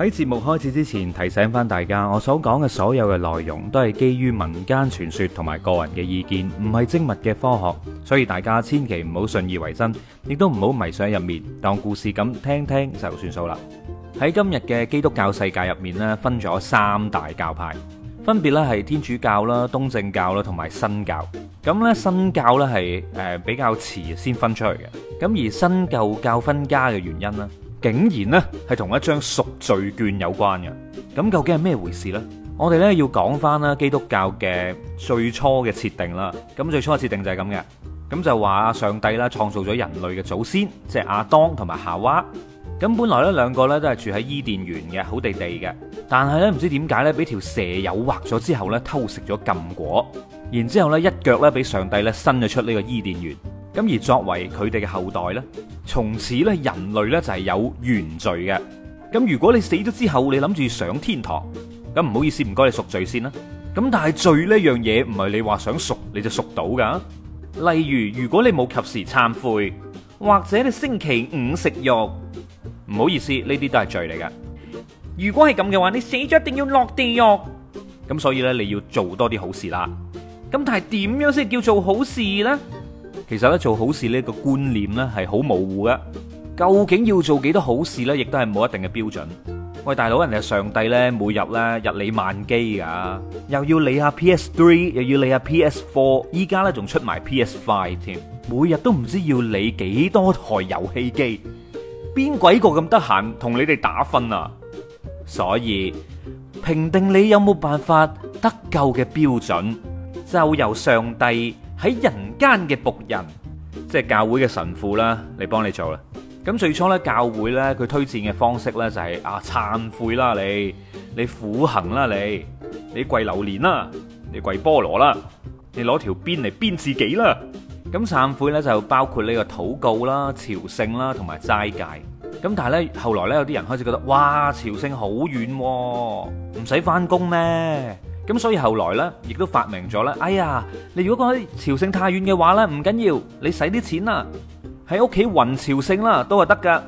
喺節目開始之前，提醒翻大家，我所講嘅所有嘅內容都係基於民間傳說同埋個人嘅意見，唔係精密嘅科學，所以大家千祈唔好信以為真，亦都唔好迷上入面，當故事咁聽聽就算數啦。喺今日嘅基督教世界入面呢，分咗三大教派，分別咧係天主教啦、東正教啦同埋新教。咁咧新教咧係誒比較遲先分出嚟嘅。咁而新舊教分家嘅原因咧？竟然呢係同一張贖罪券有關嘅，咁究竟係咩回事呢？我哋呢要講翻啦基督教嘅最初嘅設定啦，咁最初嘅設定就係咁嘅，咁就話上帝啦創造咗人類嘅祖先，即係亞當同埋夏娃，咁本來呢兩個呢都係住喺伊甸園嘅好地地嘅，但係呢唔知點解呢，俾條蛇誘惑咗之後呢偷食咗禁果，然之後呢一腳呢俾上帝呢伸咗出呢個伊甸園。咁而作為佢哋嘅後代呢，從此呢，人類呢就係有原罪嘅。咁如果你死咗之後，你諗住上天堂，咁唔好意思，唔該你贖罪先啦。咁但係罪呢樣嘢唔係你話想贖你就贖到噶。例如如果你冇及時懺悔，或者你星期五食肉，唔好意思，呢啲都係罪嚟噶。如果係咁嘅話，你死咗一定要落地獄。咁所以呢，你要做多啲好事啦。咁但係點樣先叫做好事呢？其實咧做好事呢個觀念咧係好模糊嘅，究竟要做幾多好事咧，亦都係冇一定嘅標準。喂大佬，人哋上帝咧每日咧日理萬機噶，又要理下 PS3，又要理下 PS4，依家咧仲出埋 PS5 添，每日都唔知要理幾多台遊戲機，邊鬼個咁得閒同你哋打分啊！所以評定你有冇辦法得救嘅標準，就由上帝。喺人間嘅僕人，即係教會嘅神父啦，嚟幫你做啦。咁最初呢，教會呢佢推薦嘅方式呢就係啊，懺悔啦，你你苦行啦，你你跪榴蓮啦，你跪菠蘿啦，你攞條鞭嚟鞭自己啦。咁懺悔呢就包括呢個禱告啦、朝聖啦同埋齋戒。咁但係呢，後來呢有啲人開始覺得，哇，朝聖好遠喎，唔使翻工咩？咁所以後來呢，亦都發明咗呢，哎呀，你如果講喺朝聖太遠嘅話呢，唔緊要，你使啲錢啦，喺屋企雲朝聖啦都係得噶。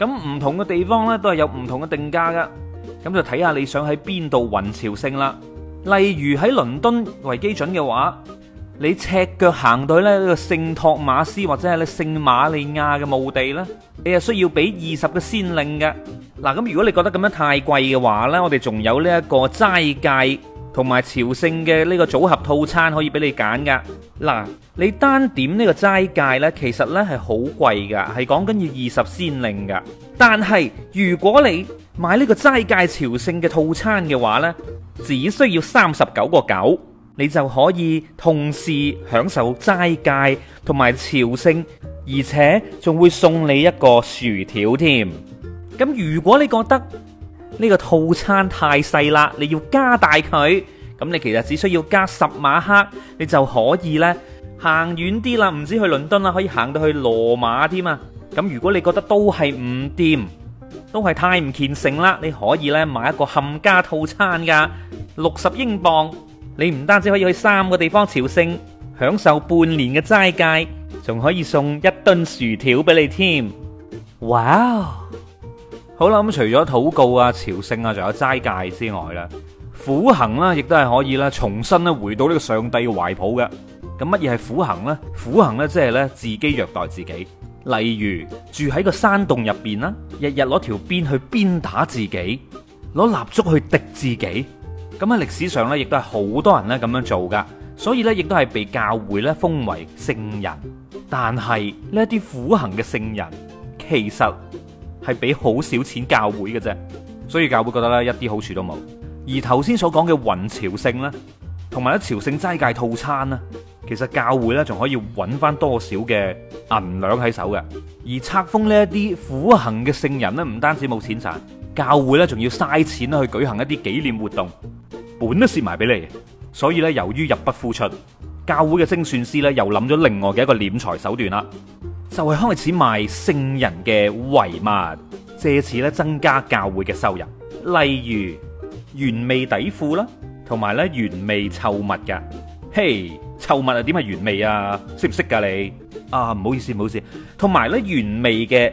咁唔同嘅地方呢，都係有唔同嘅定價噶。咁就睇下你想喺邊度雲朝聖啦。例如喺倫敦為基準嘅話，你赤腳行到去呢個聖托馬斯或者係呢聖瑪利亞嘅墓地呢，你係需要俾二十個先令嘅嗱。咁如果你覺得咁樣太貴嘅話呢，我哋仲有呢一個齋戒。同埋朝聖嘅呢個組合套餐可以俾你揀噶，嗱、啊，你單點呢個齋戒呢？其實呢係好貴噶，係講緊要二十先令噶。但係如果你買呢個齋戒朝聖嘅套餐嘅話呢，只需要三十九個九，你就可以同時享受齋戒同埋朝聖，而且仲會送你一個薯條添。咁、啊、如果你覺得，呢個套餐太細啦，你要加大佢。咁你其實只需要加十馬克，你就可以咧行遠啲啦，唔止去倫敦啦，可以行到去羅馬添啊。咁如果你覺得都係唔掂，都係太唔虔誠啦，你可以咧買一個冚家套餐噶，六十英鎊，你唔單止可以去三個地方朝聖，享受半年嘅齋戒，仲可以送一噸薯條俾你添。哇、哦！好啦，咁、嗯、除咗禱告啊、朝聖啊，仲有齋戒之外咧，苦行啦，亦都係可以啦，重新咧回到呢個上帝嘅懷抱嘅。咁乜嘢係苦行咧？苦行咧，即係咧自己虐待自己，例如住喺個山洞入邊啦，日日攞條鞭去鞭打自己，攞蠟燭去滴自己。咁喺歷史上咧，亦都係好多人咧咁樣做噶，所以咧亦都係被教會咧封為聖人。但係呢啲苦行嘅聖人，其實。係俾好少錢教會嘅啫，所以教會覺得咧一啲好處都冇。而頭先所講嘅云朝聖咧，同埋咧朝聖齋戒套餐咧，其實教會咧仲可以揾翻多少嘅銀兩喺手嘅。而冊封呢一啲苦行嘅聖人咧，唔單止冇錢賺，教會咧仲要嘥錢去舉行一啲紀念活動，本都蝕埋俾你。所以咧，由於入不敷出，教會嘅精算師咧又諗咗另外嘅一個斂財手段啦。就係開始賣聖人嘅遺物，借此咧增加教會嘅收入。例如原味底褲啦，同埋咧原味臭物噶。嘿，臭物啊，點係原味啊？識唔識噶你啊？唔好意思，唔好意思。同埋咧原味嘅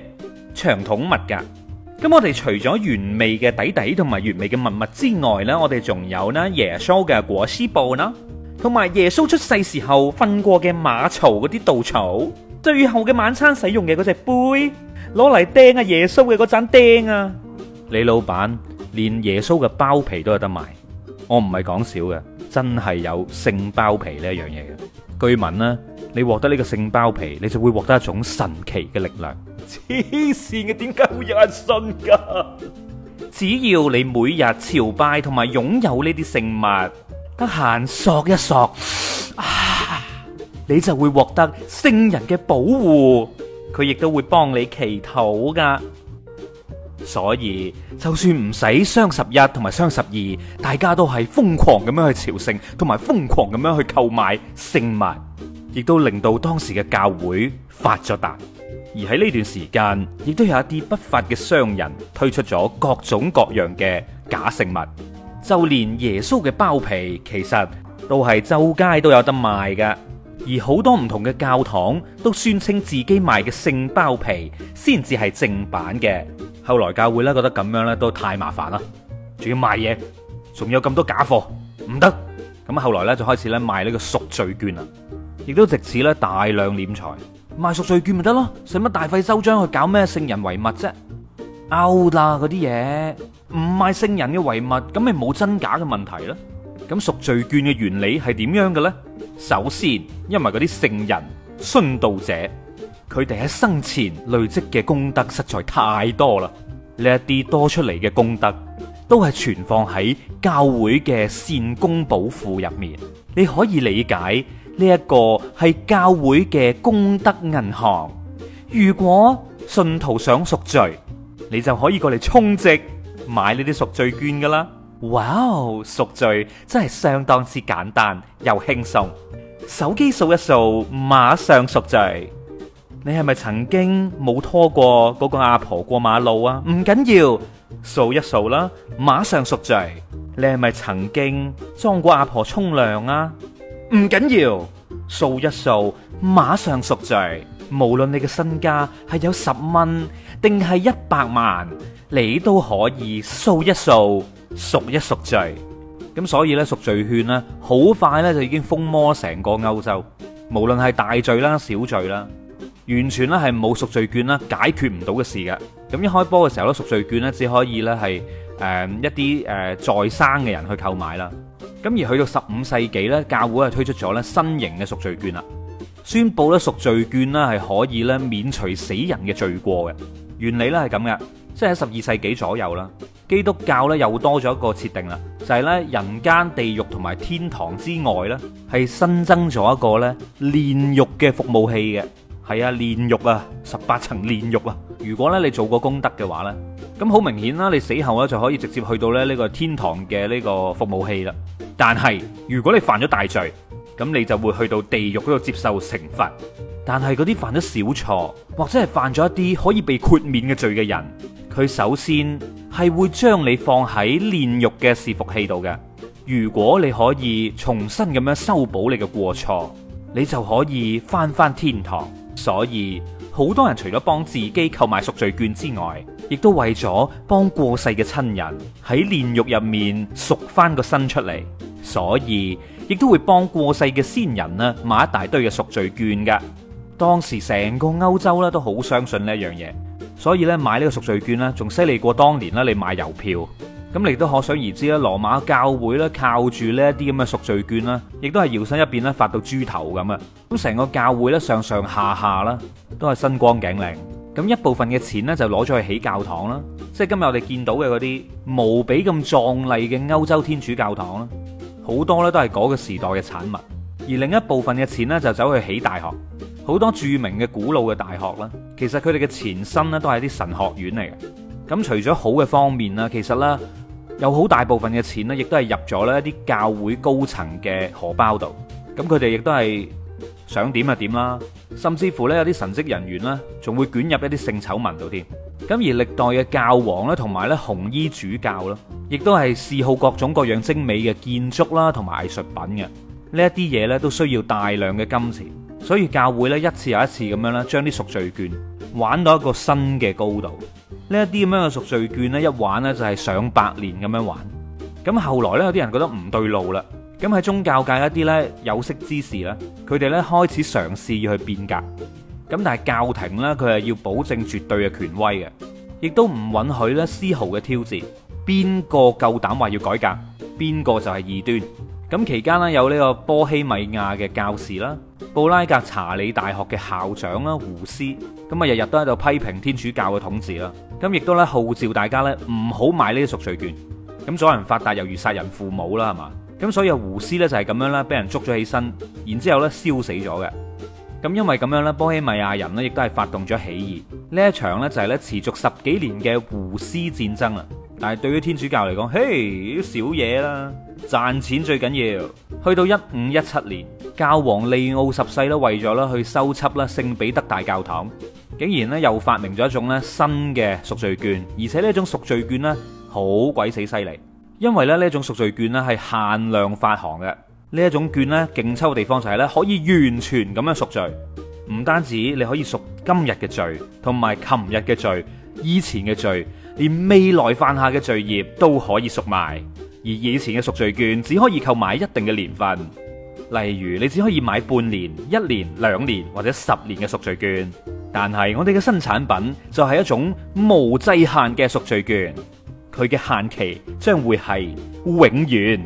長筒襪噶。咁我哋除咗原味嘅底底同埋原味嘅襪襪之外咧，我哋仲有咧耶穌嘅裹屍布啦，同埋耶穌出世時候瞓過嘅馬槽嗰啲稻草。最後嘅晚餐使用嘅嗰隻杯，攞嚟釘啊耶穌嘅嗰盞釘啊！李老闆連耶穌嘅包皮都有得賣，我唔係講笑嘅，真係有聖包皮呢一樣嘢嘅。據聞呢，你獲得呢個聖包皮，你就會獲得一種神奇嘅力量。黐線嘅，點解會有人信噶？只要你每日朝拜同埋擁有呢啲聖物，得閒索一索，你就會獲得聖人嘅保護，佢亦都會幫你祈禱㗎。所以，就算唔使雙十一同埋雙十二，大家都係瘋狂咁樣去朝聖，同埋瘋狂咁樣去購買聖物，亦都令到當時嘅教會發咗達。而喺呢段時間，亦都有一啲不法嘅商人推出咗各種各樣嘅假聖物，就連耶穌嘅包皮，其實都係周街都有得賣㗎。而好多唔同嘅教堂都宣稱自己賣嘅聖包皮先至係正版嘅。後來教會咧覺得咁樣咧都太麻煩啦，仲要賣嘢，仲有咁多假貨，唔得。咁後來咧就開始咧賣呢個贖罪券啦，亦都藉此咧大量斂財。賣贖罪券咪得咯，使乜大費周章去搞咩聖人遺物啫？out 啦嗰啲嘢，唔賣聖人嘅遺物，咁咪冇真假嘅問題咯。咁贖罪券嘅原理係點樣嘅咧？首先，因為嗰啲聖人、殉道者，佢哋喺生前累積嘅功德實在太多啦。呢一啲多出嚟嘅功德，都係存放喺教會嘅善功寶庫入面。你可以理解呢一個係教會嘅功德銀行。如果信徒想贖罪，你就可以過嚟充值，買呢啲贖罪券噶啦。哇哦，贖罪真係相當之簡單又輕鬆，手機掃一掃，馬上贖罪。你係咪曾經冇拖過嗰個阿婆過馬路啊？唔緊要，掃一掃啦，馬上贖罪。你係咪曾經裝過阿婆沖涼啊？唔緊要，掃一掃，馬上贖罪。無論你嘅身家係有十蚊定係一百萬，你都可以掃一掃。贖一贖罪，咁所以咧贖罪券呢，好快呢就已經瘋魔成個歐洲，無論係大罪啦、小罪啦，完全呢係冇贖罪券啦解決唔到嘅事嘅。咁一開波嘅時候咧贖罪券呢只可以呢係誒一啲誒在生嘅人去購買啦。咁而去到十五世紀呢，教會啊推出咗咧新型嘅贖罪券啦，宣布咧贖罪券呢係可以咧免除死人嘅罪過嘅。原理呢係咁嘅，即係喺十二世紀左右啦。基督教咧又多咗一個設定啦，就係咧人間、地獄同埋天堂之外咧，係新增咗一個咧煉獄嘅服務器嘅係啊，煉獄啊，十八層煉獄啊。如果咧你做過功德嘅話咧，咁好明顯啦，你死後咧就可以直接去到咧呢個天堂嘅呢個服務器啦。但係如果你犯咗大罪，咁你就會去到地獄嗰度接受懲罰。但係嗰啲犯咗小錯或者係犯咗一啲可以被豁免嘅罪嘅人，佢首先。係會將你放喺煉獄嘅試服器度嘅。如果你可以重新咁樣修補你嘅過錯，你就可以翻翻天堂。所以好多人除咗幫自己購買贖罪券之外，亦都為咗幫過世嘅親人喺煉獄入面贖翻個身出嚟。所以亦都會幫過世嘅先人呢，買一大堆嘅贖罪券㗎。當時成個歐洲啦都好相信呢樣嘢。所以咧，買呢個贖罪券呢，仲犀利過當年啦！你買郵票，咁你都可想而知啦。羅馬教會咧，靠住呢啲咁嘅贖罪券啦，亦都係搖身一變咧，發到豬頭咁啊！咁成個教會咧，上上下下啦，都係身光頸靚。咁一部分嘅錢呢，就攞咗去起教堂啦，即係今日我哋見到嘅嗰啲無比咁壯麗嘅歐洲天主教堂啦，好多咧都係嗰個時代嘅產物。而另一部分嘅錢呢，就走去起大學。好多著名嘅古老嘅大學啦，其實佢哋嘅前身咧都係啲神學院嚟嘅。咁除咗好嘅方面啦，其實咧有好大部分嘅錢呢，亦都係入咗呢一啲教會高層嘅荷包度。咁佢哋亦都係想點就點啦。甚至乎呢，有啲神職人員啦，仲會捲入一啲性醜聞度添。咁而歷代嘅教皇咧，同埋咧紅衣主教啦，亦都係嗜好各種各樣精美嘅建築啦，同埋藝術品嘅呢一啲嘢呢，都需要大量嘅金錢。所以教會咧一次又一次咁樣咧，將啲贖罪券玩到一個新嘅高度。呢一啲咁樣嘅贖罪券咧，一玩呢就係上百年咁樣玩。咁後來呢，有啲人覺得唔對路啦。咁喺宗教界一啲呢有識之士咧，佢哋呢開始嘗試要去變革。咁但係教廷呢，佢係要保證絕對嘅權威嘅，亦都唔允許呢絲毫嘅挑戰。邊個夠膽話要改革？邊個就係異端。咁期間呢，有呢個波希米亞嘅教士啦。布拉格查理大學嘅校長啦，胡斯咁啊，日日都喺度批評天主教嘅統治啦，咁亦都咧號召大家咧唔好買呢啲贖罪券，咁阻人發達猶如殺人父母啦，係嘛？咁所以胡斯咧就係咁樣啦，俾人捉咗起身，然之後咧燒死咗嘅。咁因為咁樣咧，波希米亞人咧亦都係發動咗起義，呢一場咧就係咧持續十幾年嘅胡斯戰爭啦。但係對於天主教嚟講，嘿，小嘢啦。賺錢最緊要，去到一五一七年，教皇利奧十世啦，為咗啦去修葺啦聖彼得大教堂，竟然咧又發明咗一種咧新嘅贖罪券，而且呢一種贖罪券咧好鬼死犀利，因為咧呢一種贖罪券咧係限量發行嘅，呢一種券咧勁抽嘅地方就係咧可以完全咁樣贖罪，唔單止你可以贖今日嘅罪，同埋琴日嘅罪，以前嘅罪，連未來犯下嘅罪業都可以贖埋。而以前嘅贖罪券只可以購買一定嘅年份，例如你只可以買半年、一年、兩年或者十年嘅贖罪券。但係我哋嘅新產品就係一種無制限嘅贖罪券，佢嘅限期將會係永遠。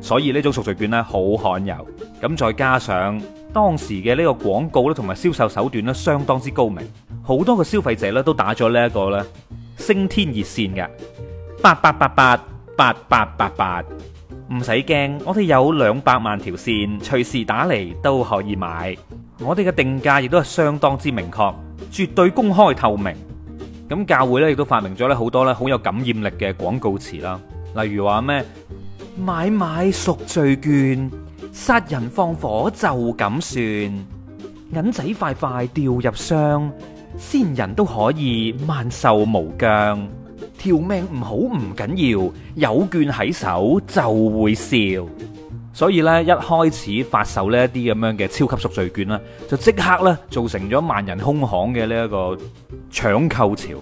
所以呢種贖罪券呢，好罕有。咁再加上當時嘅呢個廣告咧同埋銷售手段呢，相當之高明，好多嘅消費者呢，都打咗呢一個咧升天熱線嘅八八八八。8八八八八，唔使驚，我哋有兩百萬條線，隨時打嚟都可以買。我哋嘅定價亦都係相當之明確，絕對公開透明。咁教會咧亦都發明咗咧好多咧好有感染力嘅廣告詞啦，例如話咩買買贖罪券，殺人放火就咁算，銀仔快快掉入箱，先人都可以萬壽無疆。條命唔好唔緊要，要，有券喺手就會笑。所以咧，一開始發售呢一啲咁樣嘅超級贖罪券啦，就即刻咧造成咗萬人空巷嘅呢一個搶購潮。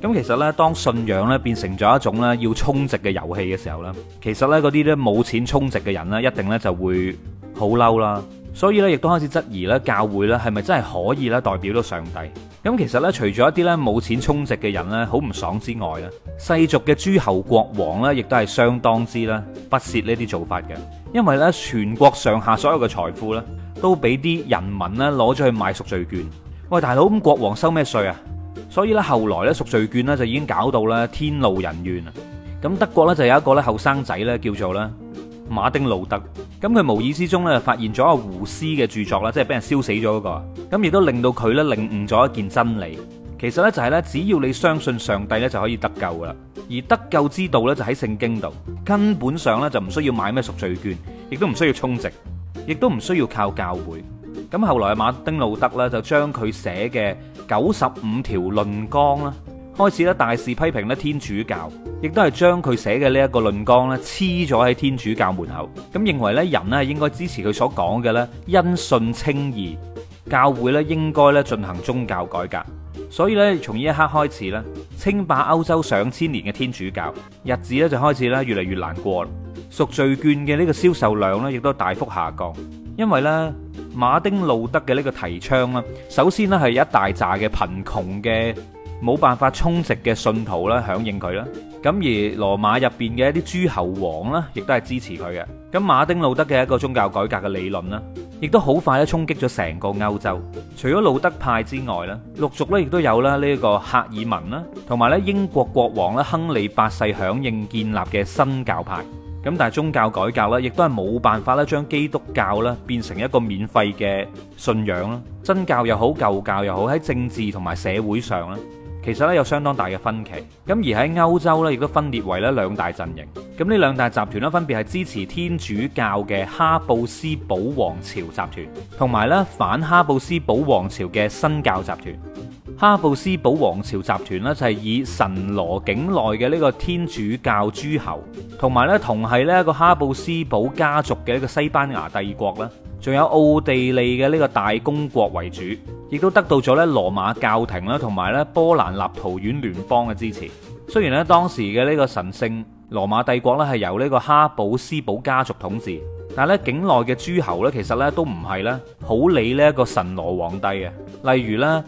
咁其實咧，當信仰咧變成咗一種咧要充值嘅遊戲嘅時候咧，其實咧嗰啲咧冇錢充值嘅人咧，一定咧就會好嬲啦。所以咧，亦都開始質疑咧教會咧係咪真係可以咧代表到上帝。咁其實咧，除咗一啲咧冇錢充值嘅人咧，好唔爽之外咧，世俗嘅諸侯國王咧，亦都係相當之咧不屑呢啲做法嘅，因為咧全國上下所有嘅財富咧，都俾啲人民咧攞咗去買贖罪券。喂，大佬咁國王收咩稅啊？所以咧，後來咧贖罪券咧就已經搞到咧天怒人怨啊！咁德國咧就有一個咧後生仔咧叫做咧。馬丁路德，咁佢無意之中咧發現咗阿胡斯嘅著作啦，即係俾人燒死咗嗰個，咁亦都令到佢咧領悟咗一件真理。其實咧就係咧，只要你相信上帝咧就可以得救噶啦，而得救之道咧就喺聖經度，根本上咧就唔需要買咩贖罪券，亦都唔需要充值，亦都唔需要靠教會。咁後來啊，馬丁路德咧就將佢寫嘅九十五條論綱啦。開始咧大肆批評咧天主教，亦都係將佢寫嘅呢一個論綱咧黐咗喺天主教門口，咁認為咧人咧應該支持佢所講嘅咧，因信稱義，教會咧應該咧進行宗教改革。所以咧從呢一刻開始咧，稱霸歐洲上千年嘅天主教日子咧就開始咧越嚟越難過，贖罪券嘅呢個銷售量咧亦都大幅下降，因為咧馬丁路德嘅呢個提倡咧，首先呢係一大扎嘅貧窮嘅。冇辦法充實嘅信徒咧，響應佢啦。咁而羅馬入邊嘅一啲諸侯王啦，亦都係支持佢嘅。咁馬丁路德嘅一個宗教改革嘅理論啦，亦都好快咧衝擊咗成個歐洲。除咗路德派之外咧，陸續咧亦都有啦呢一個喀爾文啦，同埋咧英國國王咧亨利八世響應建立嘅新教派。咁但係宗教改革咧，亦都係冇辦法咧將基督教咧變成一個免費嘅信仰啦。真教又好，舊教又好，喺政治同埋社會上咧。其實咧有相當大嘅分歧，咁而喺歐洲咧亦都分裂為咧兩大陣營。咁呢兩大集團咧分別係支持天主教嘅哈布斯堡王朝集團，同埋咧反哈布斯堡王朝嘅新教集團。哈布斯堡王朝集團咧就係以神羅境內嘅呢個天主教諸侯，同埋咧同係呢個哈布斯堡家族嘅一個西班牙帝國啦。仲有奧地利嘅呢個大公國為主，亦都得到咗咧羅馬教廷啦，同埋咧波蘭立陶宛聯邦嘅支持。雖然咧當時嘅呢個神聖羅馬帝國咧係由呢個哈布斯堡家族統治，但係咧境內嘅諸侯咧其實咧都唔係咧好理呢一個神羅皇帝嘅，例如咧。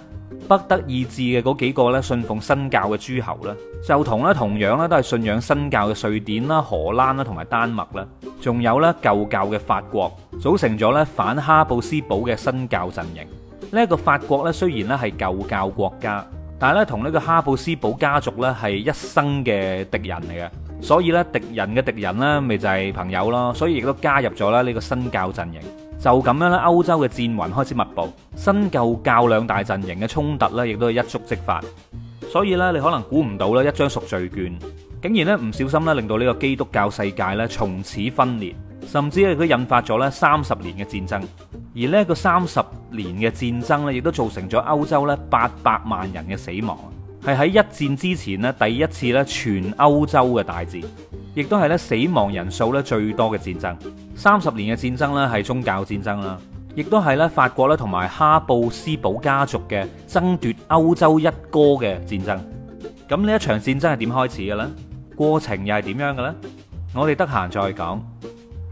喺德意志嘅嗰幾個咧，信奉新教嘅諸侯咧，就同咧同樣咧，都係信仰新教嘅瑞典啦、荷蘭啦同埋丹麥啦，仲有咧舊教嘅法國，組成咗咧反哈布斯堡嘅新教陣營。呢一個法國咧，雖然咧係舊教國家，但係咧同呢個哈布斯堡家族咧係一生嘅敵人嚟嘅，所以咧敵人嘅敵人咧，咪就係朋友咯，所以亦都加入咗啦呢個新教陣營。就咁樣咧，歐洲嘅戰雲開始密佈，新舊教兩大陣營嘅衝突咧，亦都係一觸即發。所以咧，你可能估唔到咧，一張贖罪券竟然咧唔小心咧，令到呢個基督教世界咧從此分裂，甚至咧佢引發咗咧三十年嘅戰爭。而呢個三十年嘅戰爭咧，亦都造成咗歐洲咧八百萬人嘅死亡，係喺一戰之前咧第一次咧全歐洲嘅大戰。亦都係咧死亡人數咧最多嘅戰爭，三十年嘅戰爭咧係宗教戰爭啦，亦都係咧法國咧同埋哈布斯堡家族嘅爭奪歐洲一哥嘅戰爭。咁呢一場戰爭係點開始嘅咧？過程又係點樣嘅咧？我哋得閒再講。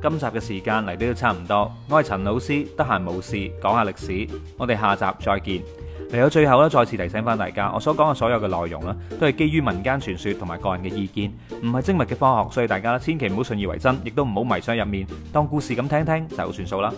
今集嘅時間嚟到都差唔多，我係陳老師，得閒冇事講下歷史，我哋下集再見。嚟到最後咧，再次提醒返大家，我所講嘅所有嘅內容啦，都係基於民間傳說同埋個人嘅意見，唔係精密嘅科學，所以大家千祈唔好信以為真，亦都唔好迷上入面，當故事咁聽聽就好算數啦。